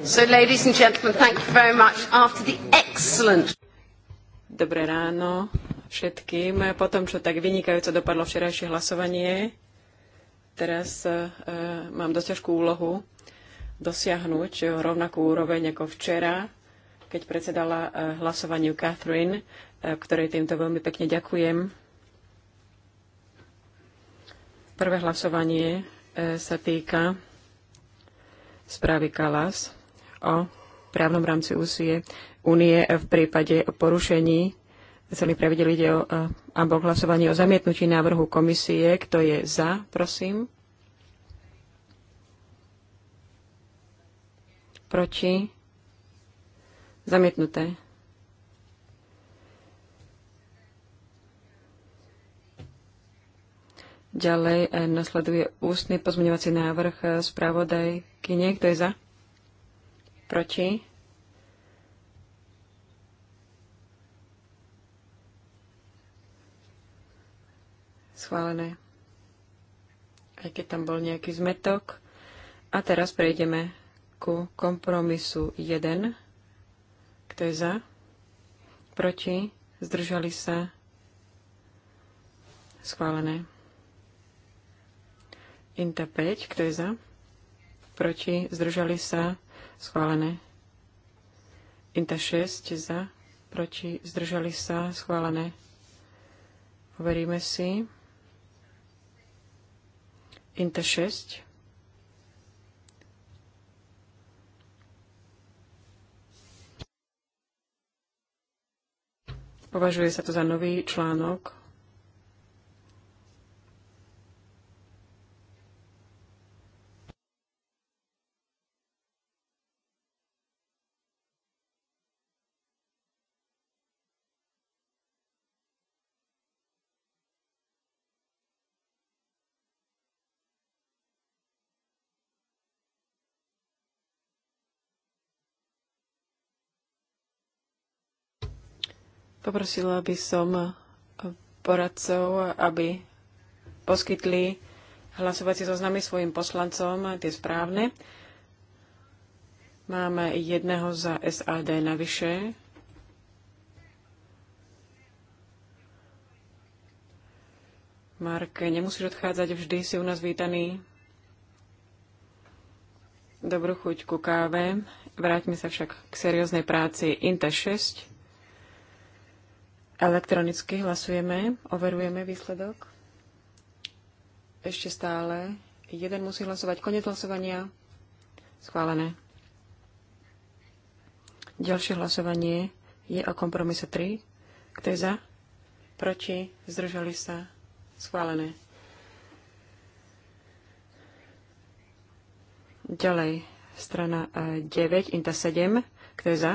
So, ladies and gentlemen, thank you very much. After the excellent... Dobré ráno všetkým. Po tom, čo tak vynikajúco dopadlo včerajšie hlasovanie, teraz uh, mám dosť ťažkú úlohu dosiahnuť rovnakú úroveň ako včera, keď predsedala uh, hlasovaniu Catherine, uh, ktorej týmto veľmi pekne ďakujem. Prvé hlasovanie uh, sa týka správy Kalas o právnom rámci úsie únie v prípade porušení celých pravidel ide o alebo hlasovanie o zamietnutí návrhu komisie. Kto je za, prosím? Proti? Zamietnuté. Ďalej e, nasleduje ústny pozmeňovací návrh e, spravodajky. Kto je za? Proti? Schválené. Aj keď tam bol nejaký zmetok. A teraz prejdeme ku kompromisu 1. Kto je za? Proti? Zdržali sa? Schválené. Inta 5. Kto je za? Proti? Zdržali sa? schválené. Inta 6 za, proti, zdržali sa, schválené. Overíme si. Inta 6. Považuje sa to za nový článok Poprosila by som poradcov, aby poskytli hlasovacie zoznamy svojim poslancom, tie správne. Máme jedného za SAD navyše. Mark, nemusíš odchádzať, vždy si u nás vítaný. Dobrú chuť ku káve. Vráťme sa však k serióznej práci. Inta 6. Elektronicky hlasujeme, overujeme výsledok. Ešte stále. Jeden musí hlasovať. Konec hlasovania. Schválené. Ďalšie hlasovanie je o kompromise 3. Kto je za? Proti? Zdržali sa? Schválené. Ďalej, strana 9, eh, INTA 7. Kto je za?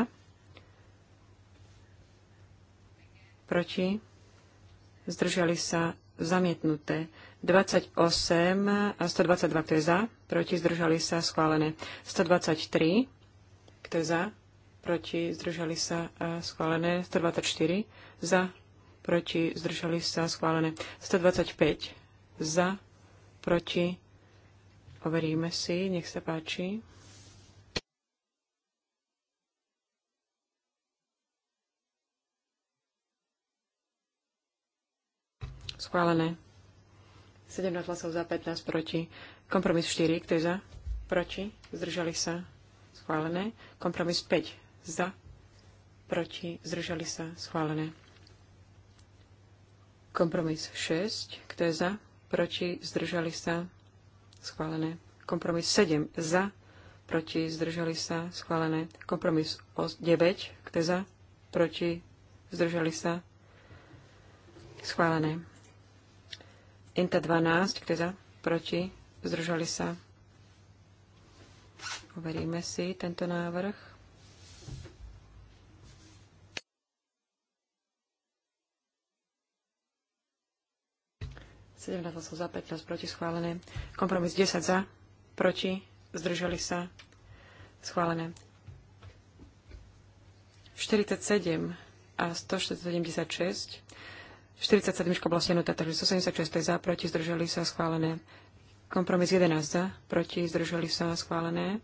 proti, zdržali sa zamietnuté. 28 a 122, kto je za, proti, zdržali sa schválené. 123, kto je za, proti, zdržali sa schválené. 124, za, proti, zdržali sa schválené. 125, za, proti, overíme si, nech sa páči. schválené. 17 hlasov za, 15 proti. Kompromis 4, kto je za? Proti. Zdržali sa. Schválené. Kompromis 5, za. Proti. Zdržali sa. Schválené. Kompromis 6, kto je za? Proti. Zdržali sa. Schválené. Kompromis 7, za. Proti. Zdržali sa. Schválené. Kompromis 9, kto je za? Proti. Zdržali sa. Schválené. Inta 12, kto za? Proti? Zdržali sa? Overíme si tento návrh. sú za 15 proti schválené. Kompromis 10 za, proti, zdržali sa, schválené. 47 a 176 47 bola stiahnutá, takže 176 za, proti, zdržali sa, schválené. Kompromis 11 za, proti, zdržali sa, schválené.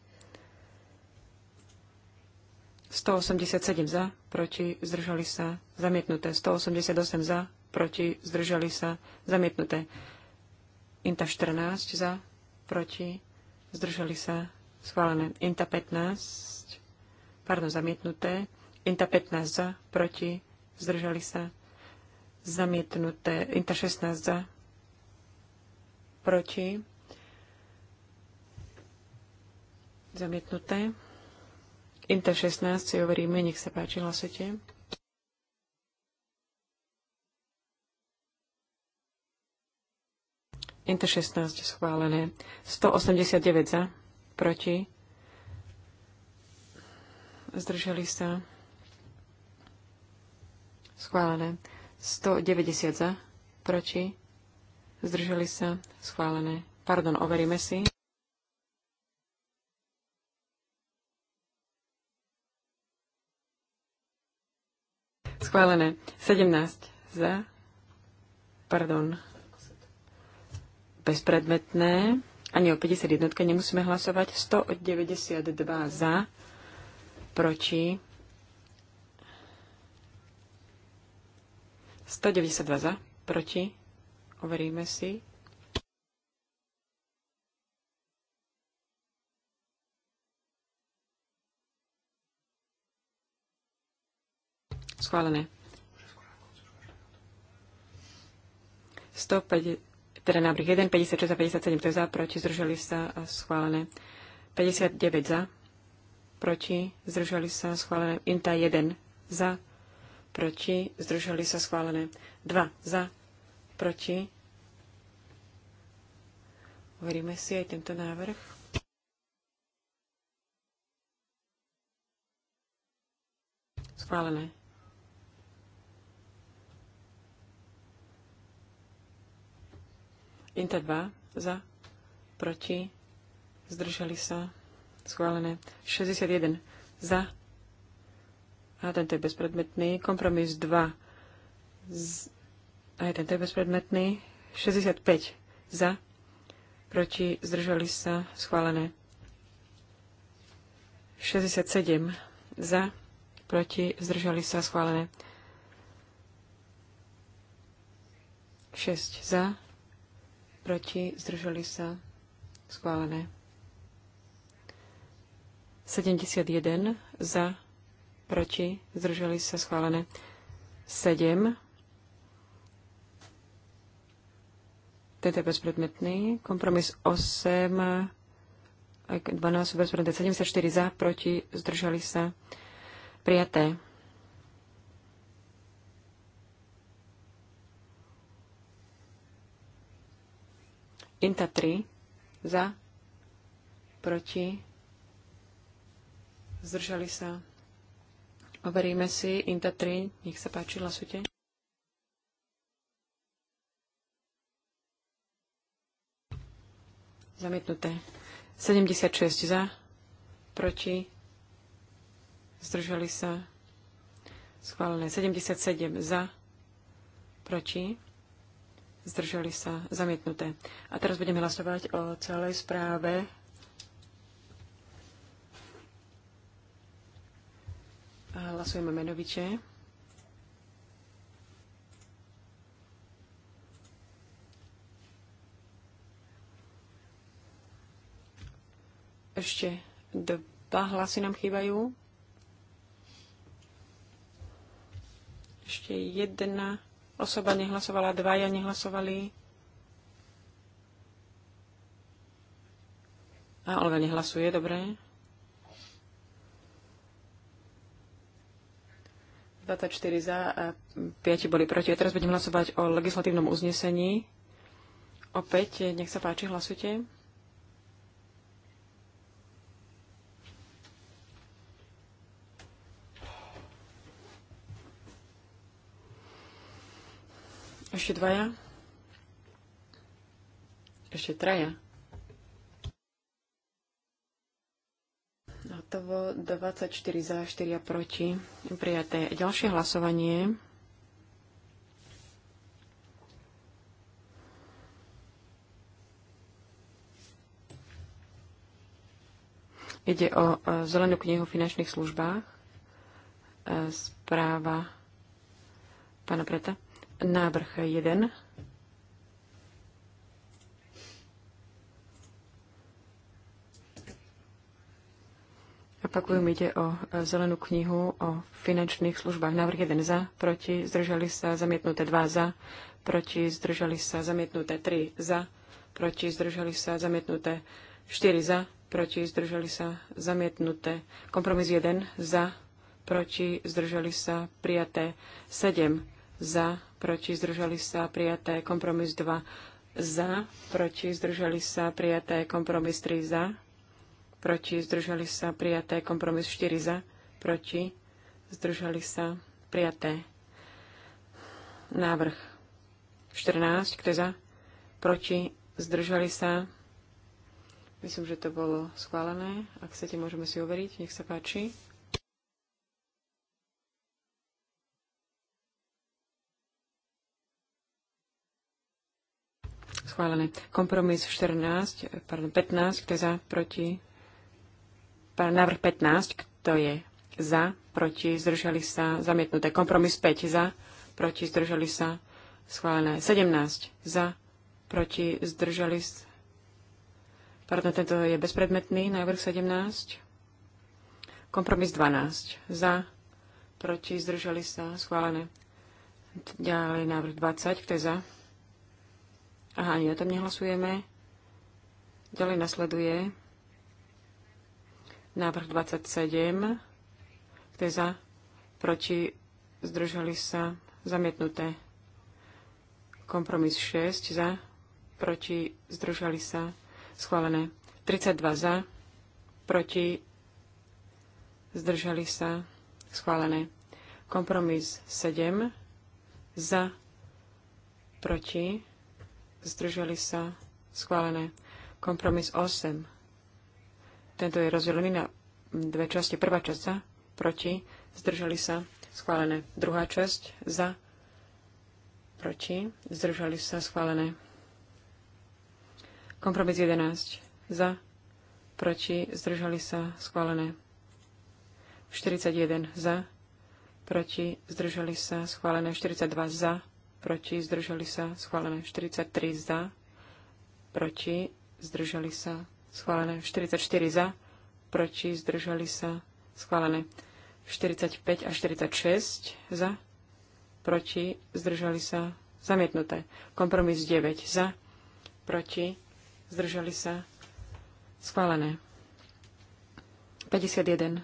187 za, proti, zdržali sa, zamietnuté. 188 za, proti, zdržali sa, zamietnuté. Inta 14 za, proti, zdržali sa, schválené. Inta 15, pardon, zamietnuté. Inta 15 za, proti, zdržali sa, zamietnuté. Inta 16 za, proti, zamietnuté. Inta 16 si overíme, nech sa páči, hlasujte. Inter 16 schválené. 189 za, proti. Zdržali sa. Schválené. 190 za, proti, zdržali sa, schválené. Pardon, overíme si. Schválené. 17 za. Pardon. Bezpredmetné. Ani o 51 nemusíme hlasovať. 192 za. Proti. 192 za, proti, overíme si. Schválené. 105, teda návrh 1, 56 a 57, to je za, proti, zdržali sa, a schválené. 59 za, proti, zdržali sa, schválené. Inta 1 za, proti, zdržali sa schválené. 2 za, proti. Uveríme si aj tento návrh. Schválené. Inta 2 za, proti, zdržali sa schválené. 61 za, a tento je bezpredmetný. Kompromis 2. Z, aj tento je bezpredmetný. 65 za. Proti zdržali sa schválené. 67 za. Proti zdržali sa schválené. 6 za. Proti zdržali sa schválené. 71 za proti, zdrželi sa schválené 7. Tento je bezpredmetný. Kompromis 8, 12 bezpredmetné, 74 za, proti, zdržali sa prijaté. Inta 3 za, proti, zdržali sa Overíme si INTA 3. Nech sa páči, hlasujte. Zamietnuté. 76 za, proti, zdržali sa, schválené. 77 za, proti, zdržali sa, zamietnuté. A teraz budeme hlasovať o celej správe Hlasujeme menovite. Ešte dva hlasy nám chýbajú. Ešte jedna osoba nehlasovala, dvaja nehlasovali. A Olga nehlasuje, dobre. 24 za a 5 boli proti. A teraz budem hlasovať o legislatívnom uznesení. Opäť, nech sa páči, hlasujte. Ešte dvaja? Ešte traja? celkovo 24 za, 4 proti. Prijaté ďalšie hlasovanie. Ide o e, zelenú knihu o finančných službách. E, správa pána Preta. Návrh 1. Opakujem, ide o e, zelenú knihu o finančných službách. Návrh jeden za, proti, zdržali sa, zamietnuté dva za, proti, zdržali sa, zamietnuté tri za, proti, zdržali sa, zamietnuté štyri za, proti, zdržali sa, zamietnuté. Kompromis jeden za, proti, zdržali sa, prijaté Sedem za, proti, zdržali sa, prijaté kompromis dva za, proti, zdržali sa, prijaté kompromis 3 za, proti, zdržali sa prijaté. Kompromis 4 za, proti, zdržali sa prijaté. Návrh 14, kto je za, proti, zdržali sa. Myslím, že to bolo schválené. Ak chcete, môžeme si overiť. Nech sa páči. Schválené. Kompromis 14, pardon, 15, kto je za, proti, Návrh 15, kto je za, proti, zdržali sa, zamietnuté. Kompromis 5 za, proti, zdržali sa, schválené. 17 za, proti, zdržali sa. Pardon, tento je bezpredmetný, návrh 17. Kompromis 12 za, proti, zdržali sa, schválené. Ďalej návrh 20, kto je za? Aha, ani o tom nehlasujeme. Ďalej nasleduje Návrh 27. Kto je za? Proti? Zdržali sa? Zamietnuté. Kompromis 6 za. Proti? Zdržali sa? Schválené. 32 za. Proti? Zdržali sa? Schválené. Kompromis 7 za. Proti? Zdržali sa? Schválené. Kompromis 8 tento je rozdelený na dve časti. Prvá časť za, proti, zdržali sa, schválené. Druhá časť za, proti, zdržali sa, schválené. Kompromis 11. Za, proti, zdržali sa, schválené. 41. Za, proti, zdržali sa, schválené. 42. Za, proti, zdržali sa, schválené. 43. Za, proti, zdržali sa, schválené. 44 za, proti, zdržali sa, schválené. 45 a 46 za, proti, zdržali sa, zamietnuté. Kompromis 9 za, proti, zdržali sa, schválené. 51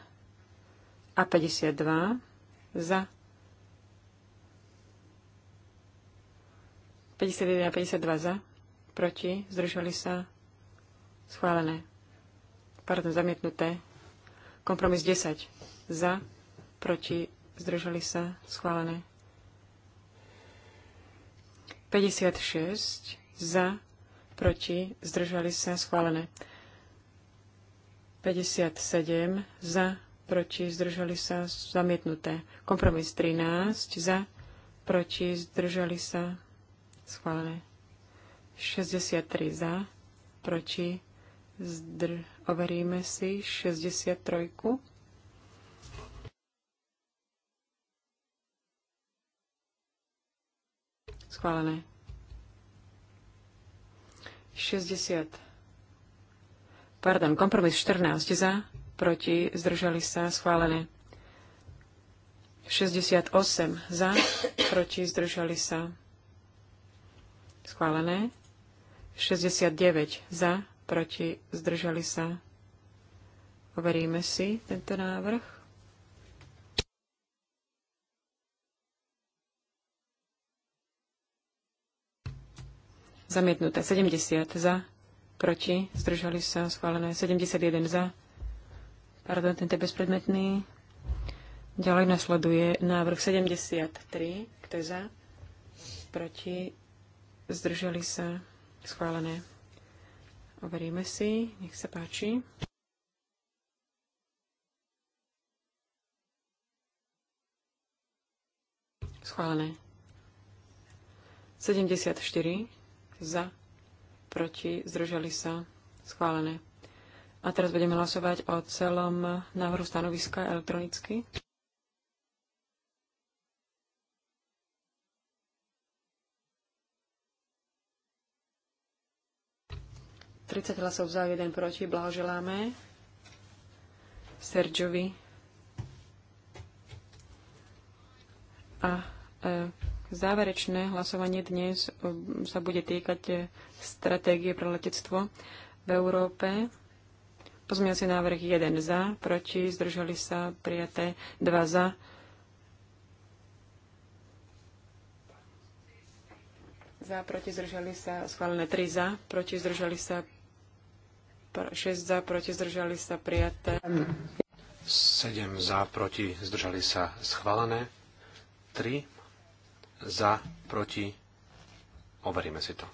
a 52 za, 51 a 52 za, proti, zdržali sa, Schválené. Pardon, zamietnuté. Kompromis 10. Za, proti, zdržali sa. Schválené. 56. Za, proti, zdržali sa. Schválené. 57. Za, proti, zdržali sa. Zamietnuté. Kompromis 13. Za, proti, zdržali sa. Schválené. 63 za, proti, Zdr- overíme si 63. Schválené. 60. Pardon, kompromis 14 za, proti, zdržali sa, schválené. 68 za, proti, zdržali sa, schválené. 69 za, proti, zdržali sa. Overíme si tento návrh. Zamietnuté 70 za, proti, zdržali sa, schválené 71 za. Pardon, tento je bezpredmetný. Ďalej nasleduje návrh 73, kto je za, proti, zdržali sa, schválené Overíme si. Nech sa páči. Schválené. 74 za, proti, zdržali sa. Schválené. A teraz budeme hlasovať o celom návrhu stanoviska elektronicky. 30 hlasov za, 1 proti. Blahoželáme Sergiovi. A e, záverečné hlasovanie dnes e, sa bude týkať e, stratégie pre letectvo v Európe. Pozmiaci návrh 1 za, proti, zdržali sa prijaté 2 za. Za, proti, zdržali sa, schválené 3 za, proti, zdržali sa 6 za, proti, zdržali sa, prijaté. 7 za, proti, zdržali sa, schválené. 3 za, proti, overíme si to.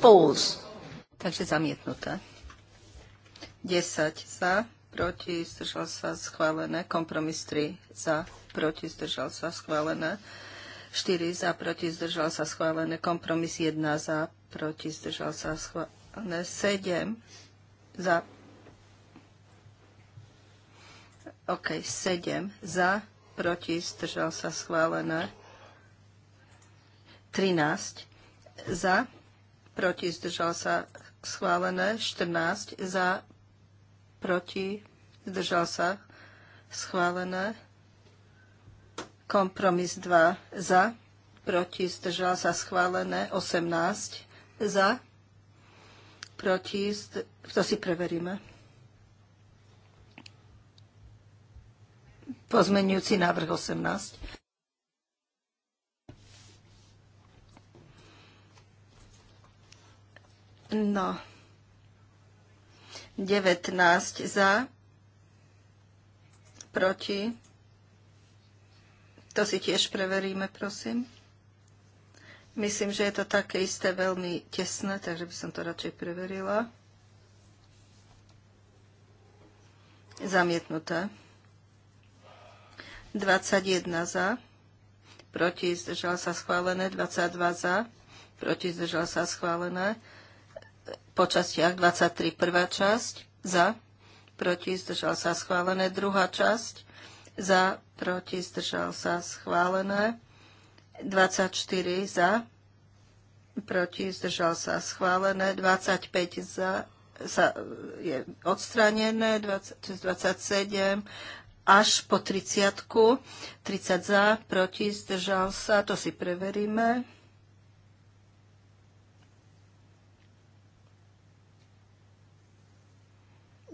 Pouls. Takže zamietnuté. 10 za, proti, zdržal sa schválené, kompromis 3 za, proti, zdržal sa schválené. 4 za, proti, zdržal sa schválené. Kompromis 1 za, proti, zdržal sa schválené. 7 za. OK, 7 za, proti, zdržal sa schválené. 13 za, proti, zdržal sa schválené, 14 za, proti, zdržal sa schválené, Kompromis 2 za, proti zdržal sa schválené 18 za, proti, to si preveríme. Pozmenujúci návrh 18. No. 19 za, proti to si tiež preveríme, prosím. Myslím, že je to také isté veľmi tesné, takže by som to radšej preverila. Zamietnuté. 21 za. Proti zdržal sa schválené. 22 za. Proti zdržal sa schválené. Po častiach 23 prvá časť. Za. Proti zdržal sa schválené. Druhá časť za, proti, zdržal sa, schválené. 24 za, proti, zdržal sa, schválené. 25 za, sa, je odstranené, 20, 27 až po 30. 30 za, proti, zdržal sa, to si preveríme.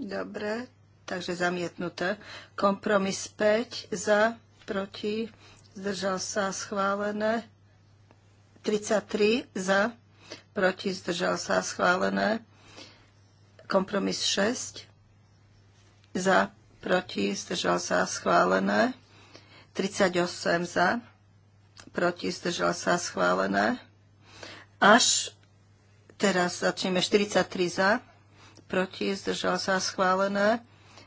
Dobre, takže zamietnuté. Kompromis 5 za, proti, zdržal sa schválené. 33 za, proti, zdržal sa schválené. Kompromis 6 za, proti, zdržal sa schválené. 38 za, proti, zdržal sa schválené. Až teraz začneme 43 za, proti, zdržal sa schválené.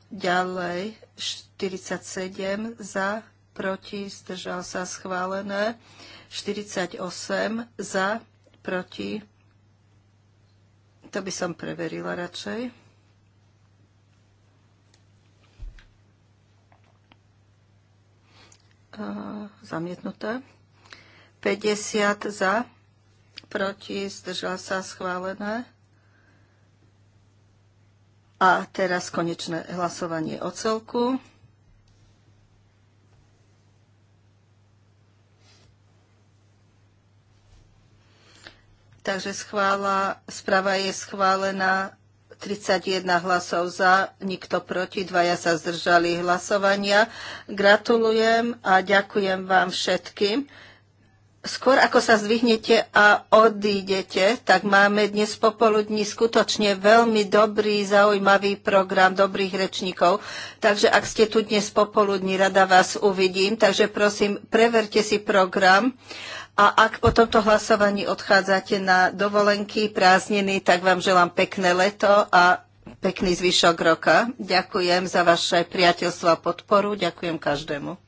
Ďalej 47 za, proti, zdržal sa schválené. 48 za, proti. To by som preverila radšej. Zamietnuté. 50 za, proti, zdržal sa schválené. A teraz konečné hlasovanie o celku. Takže schvála, správa je schválená 31 hlasov za, nikto proti, dvaja sa zdržali hlasovania. Gratulujem a ďakujem vám všetkým. Skôr ako sa zdvihnete a odídete, tak máme dnes popoludní skutočne veľmi dobrý, zaujímavý program dobrých rečníkov. Takže ak ste tu dnes popoludní, rada vás uvidím. Takže prosím, preverte si program. A ak po tomto hlasovaní odchádzate na dovolenky, prázdniny, tak vám želám pekné leto a pekný zvyšok roka. Ďakujem za vaše priateľstvo a podporu. Ďakujem každému.